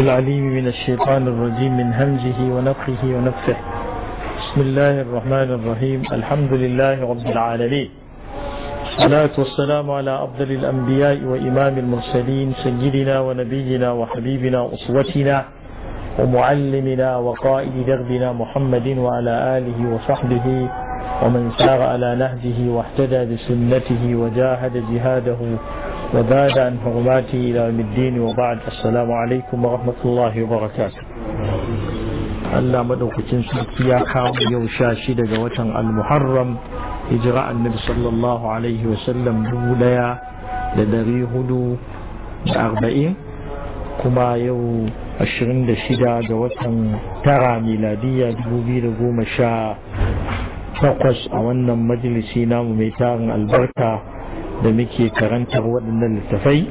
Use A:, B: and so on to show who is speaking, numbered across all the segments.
A: العليم من الشيطان الرجيم من همزه ونفخه ونفخه بسم الله الرحمن الرحيم الحمد لله رب العالمين الصلاة والسلام على أفضل الأنبياء وإمام المرسلين سيدنا ونبينا وحبيبنا أسوتنا ومعلمنا وقائد دربنا محمد وعلى آله وصحبه ومن سار على نهجه واهتدى بسنته وجاهد جهاده وبعد an حرماته إلى يوم الدين وبعد السلام عليكم ورحمة الله Allah maɗaukacin sarki ya kawo yau sha shida ga watan al-muharram hijira annabi sallallahu alaihi wa sallam dubu daya da dari hudu da arba'in kuma yau ashirin da shida ga watan tara miladiyya dubu da goma sha takwas a wannan majalisi mu mai tarin albarka da muke karantar waɗannan littafai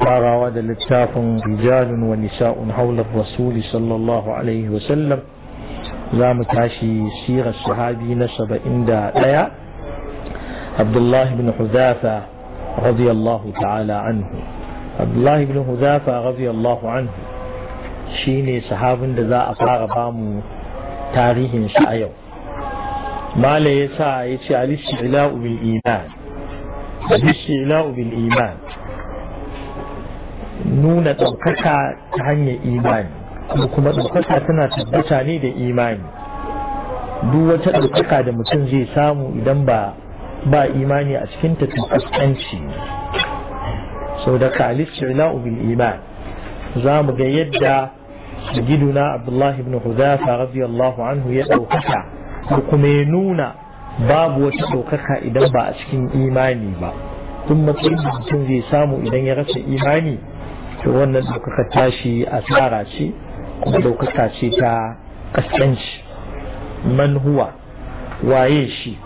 A: farawa da littafin rijalun wa nisa'un haular rasuli sallallahu alaihi wasallam za mu tashi sirar sahabi na saba'in da ɗaya abdullahi bin hudafa radiyallahu ta'ala anhu abdullahi bin hudafa radiyallahu anhu shine sahabin da za a fara bamu tarihin shi a yau mala ya sa ya ce alishi ila'u bil iman bil iman nuna ɗaukaka ta hanyar imani ko kuma ɗaukaka tana tabbata ne da imani duk wata ɗaukaka da mutum zai samu idan ba ba imani a cikin ta kaskanci sau da kalif shirla'u bil iman za mu ga yadda giduna abdullahi ibn hudafa radiyallahu anhu ya ɗaukaka ko kuma ya nuna babu wata ɗaukaka idan ba a cikin imani ba tun matsayin mutum zai samu idan ya rasa imani ta wannan ɗaukaka tashi a tsara ce kuma ɗaukaka ce ta ƙasƙanci man huwa waye shi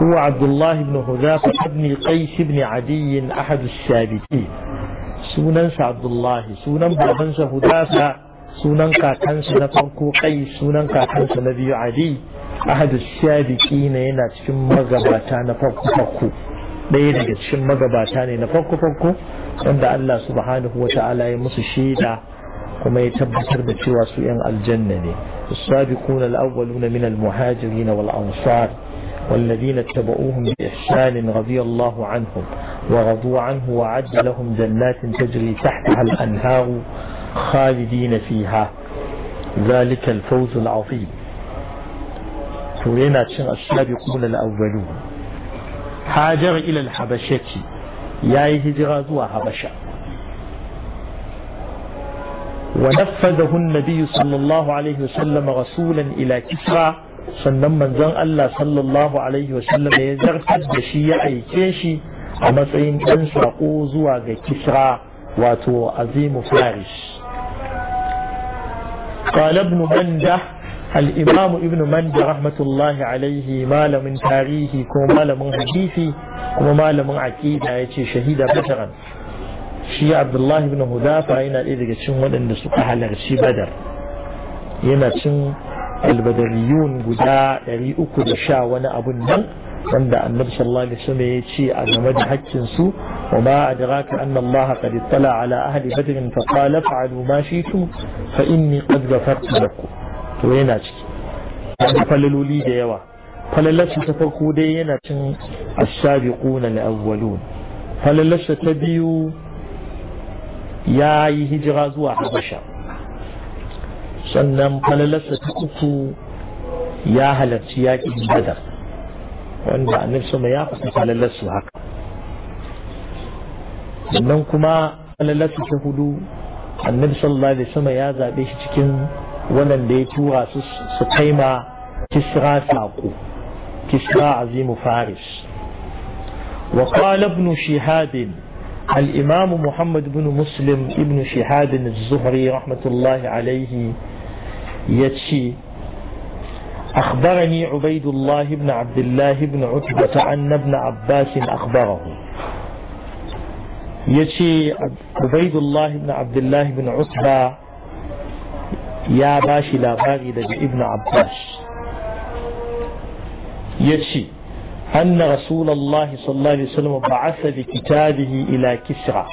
A: huwa abdullahi ibn huzafa abni qais ibn adi ahad as-sabiqi sunan abdullahi sunan babansa huzafa sunan kakansa na farko kai sunan kakansa na biyu adi أحد الشادي كينا هنا تشم مغباتانا فوقو فوقو بين تشم مغباتانا فوقو فوقو عند الله سبحانه وتعالى مسشيدا وما يتبع بتواس ين الجنة السابقون الأولون من المهاجرين والأنصار والذين اتبعوهم بإحسان رضي الله عنهم ورضوا عنه وعد لهم جنات تجري تحتها الأنهار خالدين فيها ذلك الفوز العظيم to yana cin as-sabiqun al-awwalun hajar ila al-habashati yayi hijira zuwa habasha ونفذه النبي صلى الله عليه وسلم رسولا إلى sannan manzon Allah sallallahu alaihi ya zartar da shi ya aike shi a matsayin ɗan saƙo zuwa ga kisra wato azimu farish qala ibn manda al'imamu ibnu manda rahmatullahi alaihi malamin tarihi ko malamin hadisi kuma malamin aƙida ya ce shahida basharan shi abdullahi ibn hudafa yana ɗaya daga cikin waɗanda suka halarci badar yana cin albadariyun guda da sha wani abun nan wanda annabi sallallahu alaihi wasallam ya ce a game da hakkin su wa ma adraka anna Allah qad ittala ala ahli badr fa qala fa'alu ma shi'tum fa inni qad ghafartu lakum ko yana ciki da falaloli da yawa falalarsa ta farko dai yana cin asabiquna al-awwalun falalarsa ta biyu ya yi hijira zuwa habasha sannan falalarsa ta uku ya halarci yaƙin badar wanda annabi sama ya faɗi falalarsu haka sannan kuma falalarsu ta hudu annabi sallallahu alaihi sama ya zaɓe shi cikin wannan da ya tura su su kai ma kisra saƙo kisra azimu faris wa qala ibn shihab الإمام محمد بن مسلم ابن شهاد الزهري رحمة الله عليه يتشي أخبرني عبيد الله بن عبد الله بن عتبة أن ابن عباس أخبره يتشي عبيد الله بن عبد الله بن عتبة يا باشي لا باغي daga ابن عباس ya أن رسول الله صلى الله عليه وسلم بعث بكتابه إلى كسرى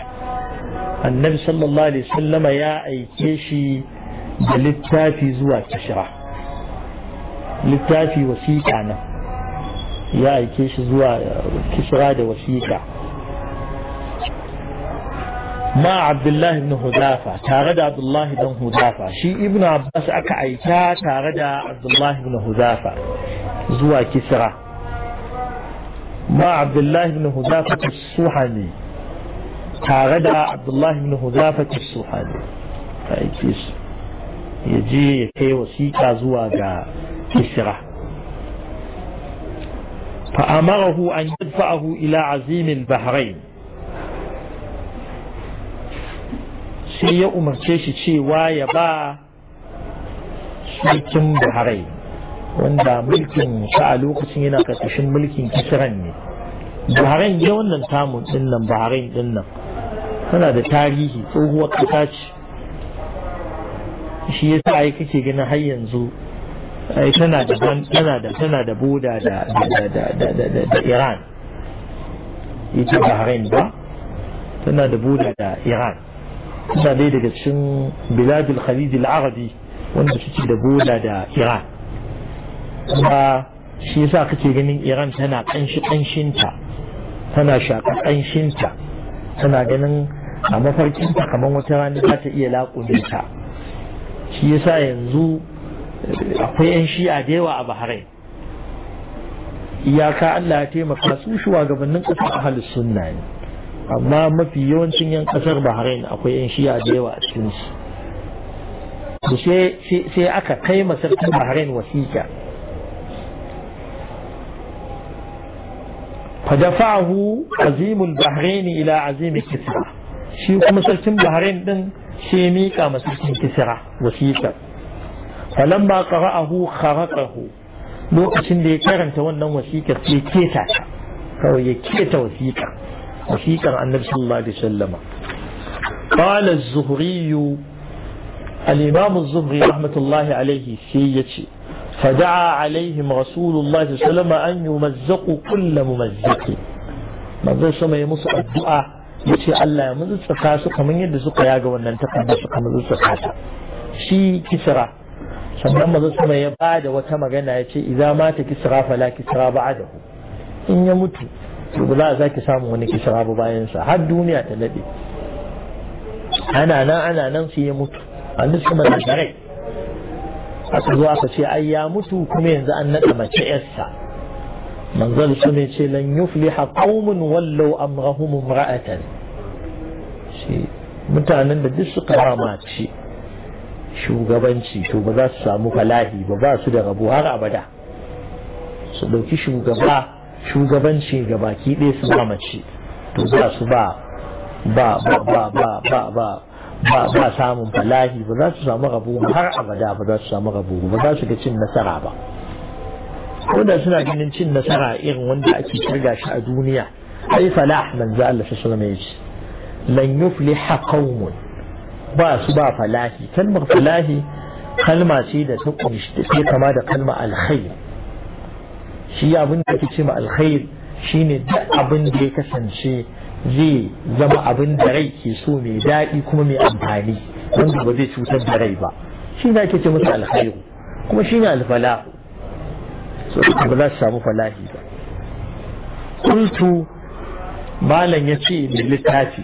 A: النبي صلى الله عليه وسلم يا أي كيشي للتافي زوا كسرى للتافي وسيكا أنا يا أي كيشي زوا كسرى وسيكا ma abdullahi ibn hudafa tare abdullahi ibn hudafa shi ibn abbas aka aika tare abdullahi ibn hudafa zuwa kisra ma abdullahi ibn hudafa suhani tare da abdullahi ibn hudafa suhani ta aike su ya je ya kai wasiƙa zuwa ga kisra فأمره أن يدفعه إلى عزيم البحرين sai ya umarce shi cewa ya ba sarkin buharai wanda mulkin sa a lokacin yana karkashin mulkin kisiran ne buharai ne wannan tamun din nan buharai din nan tana da tarihi tsohuwar ƙasa ce shi yasa ai kake ganin har yanzu ai tana da tana da boda da Iran ita Bahrain ba tana da boda da Iran suna dai daga cikin biladul khalid al-arabi wanda suke da boda da iran kuma shi yasa kake ganin iran tana kanshi ta tana shaka kanshin ta tana ganin a mafarkin ta kamar wata rana za ta iya laƙuni ta shi yasa yanzu eh, akwai 'yan shi'a da yawa a bahrain iyaka allah ya taimaka su shugabannin ƙasar ahalus sunna ne amma mafi yawancin yan kasar bahrain akwai yan shi'a da yawa a cikin su sai aka kai masarkin bahrain wasiƙa fadafahu azimul bahrain ila azimi kisra shi kuma sarkin bahrain din sai mika masarkin kisra wasiƙa ba qara'ahu kharaqahu lokacin da ya karanta wannan wasikar sai keta ta kawai ya keta wasiƙa وثيقا النبي صلى الله عليه وسلم قال الزهري الإمام الزهري رحمة الله عليه سيتي فدعا عليهم رسول الله صلى الله عليه وسلم أن يمزقوا كل ممزق ya musu addu'a yace ce Allah ya muzutsuka su kamar yadda suka wannan takarda suka muzutsuka shi sannan manzon sama ya ba da wata magana ya ce idza mata kisra fala kisra ba'dahu in ya mutu to ba za a samu wani kisra ba bayan sa har duniya ta nade ana nan ana nan sai ya mutu an duk kuma tare. aka zo aka ce ai ya mutu kuma yanzu an nada mace yarsa manzon su ne ce lan yufliha qaumun wallau amrahum imra'atan shi mutanen da duk suka ramace shugabanci to ba za su samu falahi ba ba su da rabo har abada su ɗauki shugaba shugabanci ga baki ɗaya su ba mace to za su ba ba ba ba ba ba ba ba ba samun falahi ba za su samu rabo har abada ba za su samu rabo ba za su ga cin nasara ba wanda suna ganin cin nasara irin wanda ake kirga shi a duniya ai falah manzo Allah sallallahu alaihi wasallam lan yufliha qaumun ba su ba falahi kalmar falahi kalma ce da ta kunshi ta kama da kalma alkhair shi abin da ake ce ma shine duk abin da ya kasance zai zama abin da rai ke so mai daɗi kuma mai amfani wanda ba zai cutar da rai ba shi ne ake ce masa alkhairu kuma shine alfalahu so ba za su samu falahi ba kultu malam ya ce mai littafi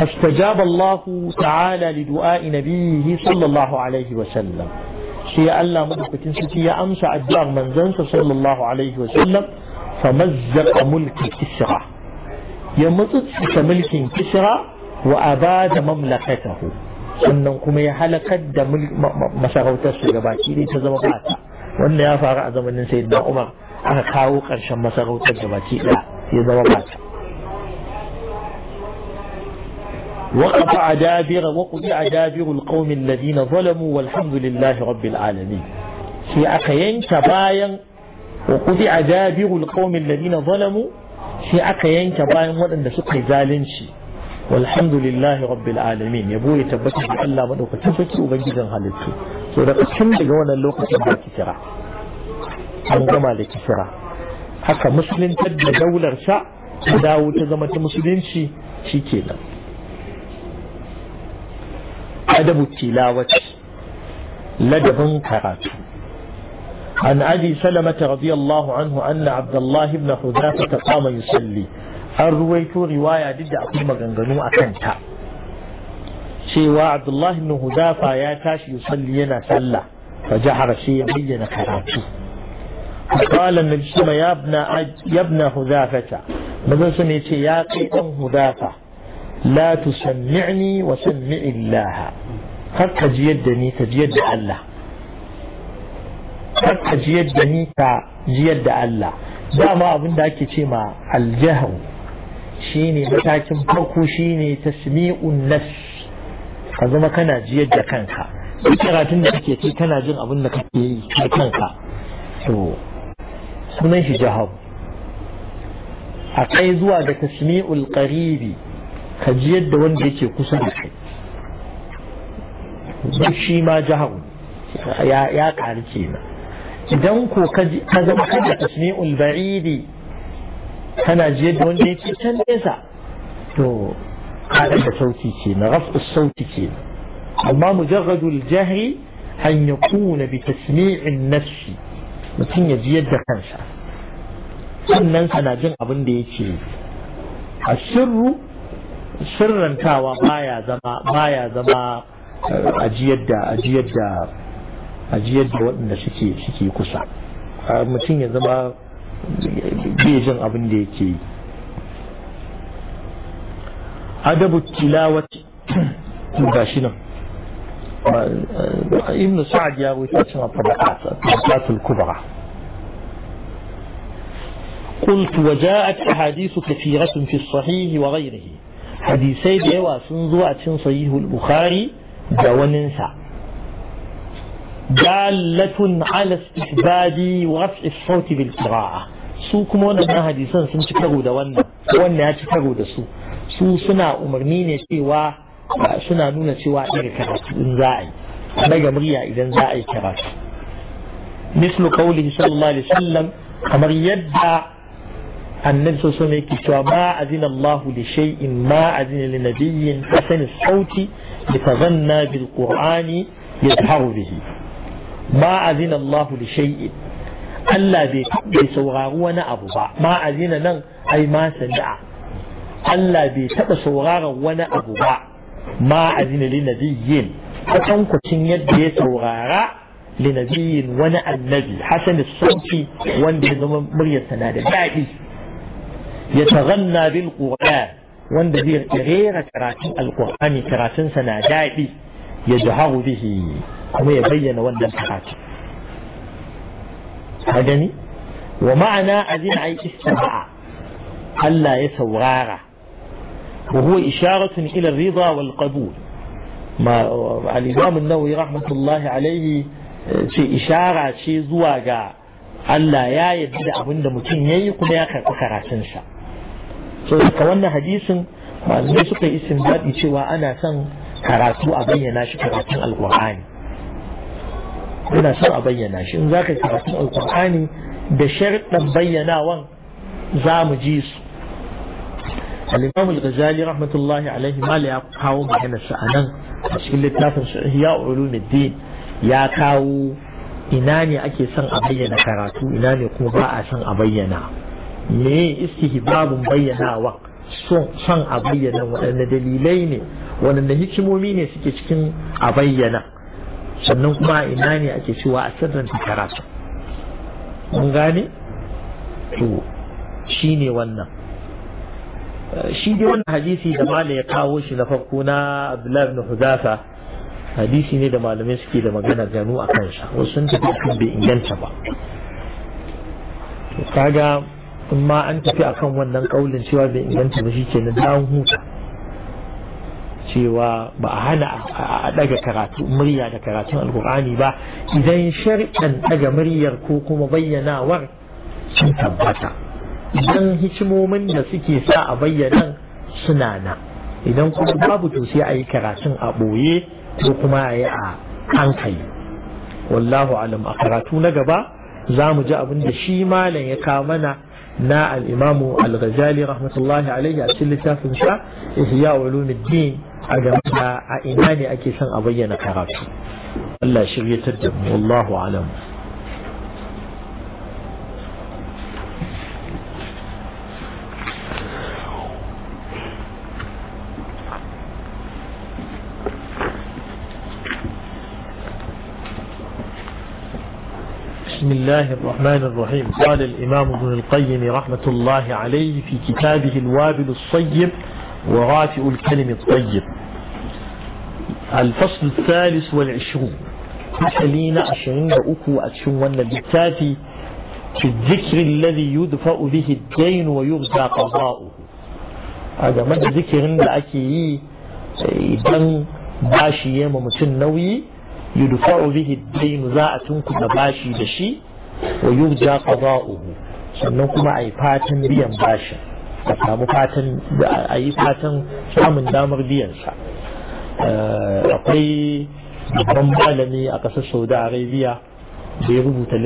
A: فاستجاب الله تعالى لدعاء نبيه صلى الله عليه وسلم sai Allah madaukakin sarki ya amsa addu'ar manzansa sallallahu alaihi wa sallam famazzaqa mulki kisra ya mutsutsuka mulkin kisra wa abada mamlakatahu sannan kuma ya halakar da masarautar su gabaki dai ta zama bata wannan ya faru a zamanin sayyidina Umar aka kawo ƙarshen masarautar gabaki ɗaya ya zama bata وقطع دابر وقطع دابر القوم الذين ظلموا والحمد لله رب العالمين في أقين كباين وقطع دابر القوم الذين ظلموا في أقين كباين وأن سقي ذالنشي والحمد لله رب العالمين بوي تبكي بألا من أكتبكي وبنجزا هالتو سورة كم دقونا اللوقة تبكي كرا أنجما لكسرا حتى مسلم da daular sa ta dawo ta شي ta musulunci أدب التلاوة لدب كرات عن أبي سلمة رضي الله عنه أن عبد الله بن حذافة قام يصلي الرويت رواية ضد أقول مغنغنو أكنتا سوى عبد الله بن حذافة يا تاش يصلي ينا سلة فجحر شيء بين كراته فقال النبي صلى الله عليه وسلم يا ابن حذافة مدرسة يا قيم حذافة لا تسمعني وسمع الله قد تجيدني تجيد الله قد تجيدني تجيد الله دعما ابن داكي تيما الجهو شيني متاكم فوقو شيني تسميع النفس قد ما كان جيد كانك بكرة تنك يتي كان جن ابن داكي كانك سنيش جهو أقيدوا بتسميع القريبي kajiyar da wanda yake kusa da shi duk shi ma jaharu ya ya ƙari na idan ko ka zama kada tasmi'ul ba'idi kana ji da wanda yake can nesa to kada da ce na rafu sauki ce amma mujarradul jahri an yakuna bi tasmi'in nafsi mutum ya ji da kansa sannan sana jin abin da yake a sirru sirrantawa baya zama baya zama ajiyar da ajiyar da ajiyar da waɗanda suke suke kusa mutum ya zama bai jin abin da yake yi adabu tilawati ga shi nan ibn sa'ad ya wuce cin tabaqat kubra قلت وجاءت أحاديث كثيرة في الصحيح وغيره hadisai da yawa sun zo a cin al bukhari da wannan sa dalatun ala istibadi wa raf'i sauti bil qira'a su kuma wannan hadisan sun ci karo da wannan wannan ya ci karo da su su suna umarni ne cewa suna nuna cewa irin karatu in za a yi daga murya idan za a yi karatu mislu qawlihi sallallahu alaihi wasallam kamar yadda annabi soso ne yake cewa ma azina Allah li shay'in ma azina li nabiyyin hasan sauti yatazanna bil qur'ani yadharu bihi ma azina Allah shay'in Allah bai bai saurari wani abu ba ma azina nan ai ma sanda Allah bai taba sauraron wani abu ba ma azina li nabiyyin kucin yadda ya saurara li nabiyyin wani annabi hasan sauti wanda ya zama muryarsa na da daɗi يتغنى بالقرآن وان غير كراتين القرآن كراتين سنادائي يجهر به كما يبين وند الكراتين هذا ومعنى أذن أي استمع ألا يسورار وهو إشارة إلى الرضا والقبول ما الإمام النووي رحمة الله عليه شيء إشارة شيء زواجا ألا يا يبدأ أبن متن يقول يا كراتنشا so wannan hadisin malamai suka yi istinbadi cewa ana son karatu a bayyana shi karatun alkur'ani ana son a bayyana shi in zaka karatun alkur'ani da sharɗan bayyanawan za mu ji su الإمام rahmatullahi رحمة الله عليه ما لا كاو مهنا سأنا cikin littafin ya ulumuddin ya kawo ina ne ake son a bayyana karatu ina ne kuma ba a son a bayyana me istihbabun bayyanawa son a bayyana waɗanne dalilai ne waɗanne hikimomi ne suke cikin a bayyana sannan kuma ina ne ake cewa a sirranta karatu mun gane to shine wannan shi dai wannan hadisi da Malam ya kawo shi na farko na abdullahi ibn hudafa hadisi ne da malamai suke da magana gano a kansa wasu sun tafi bai inganta ba kaga in ma an tafi akan wannan kaulin cewa bai inganta ba shikenan da an huta cewa ba a hana a daga karatu murya da karatun alkur'ani ba idan shari'an daga muryar ko kuma bayyanawar sun tabbata idan hikimomin da suke sa a bayyana suna na idan kuma babu to sai a yi karatun a ɓoye ko kuma a yi a hankali wallahu alam a karatu na gaba za mu ji abin da shi malam ya kawo mana na al'imamu al-ghazali rahmatullahi alaihi a cikin littafin sa ihya ulumuddin a game da a ina ne ake son a bayyana karatu Allah shiryatar da mu wallahu alam بسم الله الرحمن الرحيم قال الإمام ابن القيم رحمة الله عليه في كتابه الوابل الصيب ورافع الكلم الطيب الفصل الثالث والعشرون فسلين عشرين أكو أتشون البتاتي في الذكر الذي يدفع به الدين ويغزى قضاؤه هذا ما الذكر أكي إذن باشي يوم متنوي yudfa'u bihi ad-dayn za a tunkuda bashi da shi wa yurja sannan kuma ayi fatan biyan bashi a samu fatan samun damar biyan sa eh, akwai babban malami a ƙasar Saudi Arabia da ya rubuta